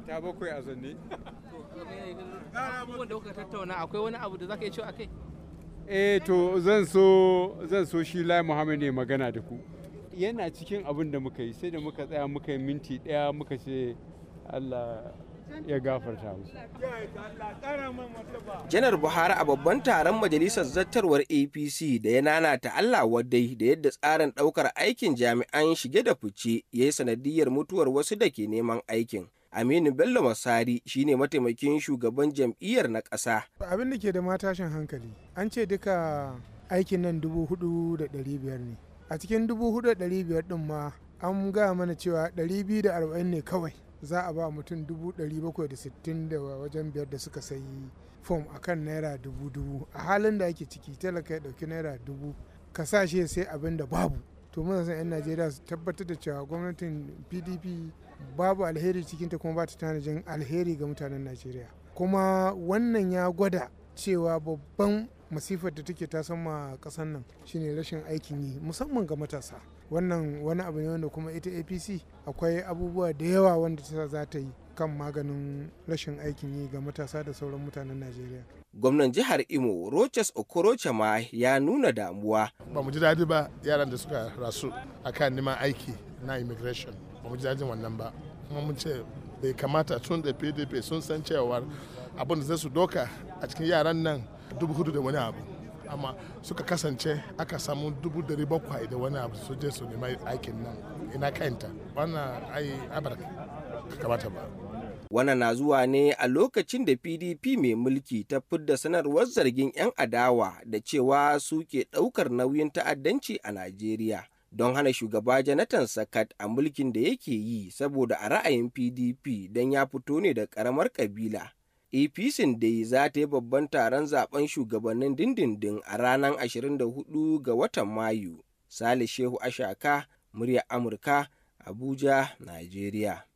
ta bakwai a zanne abubuwan da kuka tattauna akwai wani abu da za ka yi a kai? eh to zan so zan so shi lai muhammad ne magana da ku yana cikin abin da muka yi sai da muka tsaya muka yi minti daya muka ce allah ya gafarta mu. janar buhari a babban taron majalisar zattarwar apc da ya nanata allah wadai da yadda tsarin daukar aikin jami'an shige da fice ya yi sanadiyar mutuwar wasu da ke neman aikin aminu bello masari shine mataimakin shugaban jam'iyyar na ƙasa abin da ke da matashin hankali an ce duka aikin nan dubu hudu da ɗari biyar ne a cikin dubu hudu da ɗari biyar ɗin ma an gaya mana cewa ɗari biyu da arba'in ne kawai za a ba mutum dubu ɗari bakwai da sittin da wajen biyar da suka sayi fom a kan naira dubu dubu a halin da ake ciki talaka ya ɗauki naira dubu ka sa shi sai abin da babu to muna san 'yan najeriya su tabbatar da cewa gwamnatin pdp babu alheri cikinta kuma ba ta tanajin alheri ga mutanen najeriya kuma wannan ya gwada cewa babban masifar da take ta sama kasan nan shine rashin aikin yi musamman ga matasa wannan wani abu ne wanda kuma ita apc akwai abubuwa da yawa wanda ta za ta yi kan maganin rashin aikin yi ga matasa da sauran mutanen najeriya gwamnan jihar imo roches okorocha ma ya nuna damuwa ba mu ji daɗi ba yaran da suka rasu akan neman aiki na immigration ba mu ji dajin wannan ba kuma mun ce bai kamata tun da pdp sun san cewar abin da zai su doka a cikin yaran nan dubu hudu da wani abu amma suka kasance aka samu dubu dari bakwai da wani abu su je su nema aikin nan ina kanta wannan ai ka kamata ba wannan na zuwa ne a lokacin da pdp mai mulki ta fidda sanarwar zargin 'yan adawa da cewa su ke ɗaukar nauyin ta'addanci a najeriya don hana shugaba janatan Sakat a mulkin da yake yi saboda a ra'ayin PDP don ya fito ne da karamar kabila. APC dai za ta yi babban taron zaben shugabannin dindindin a ranar 24 ga watan Mayu. Sale Shehu Ashaka, murya Amurka, Abuja, Najeriya.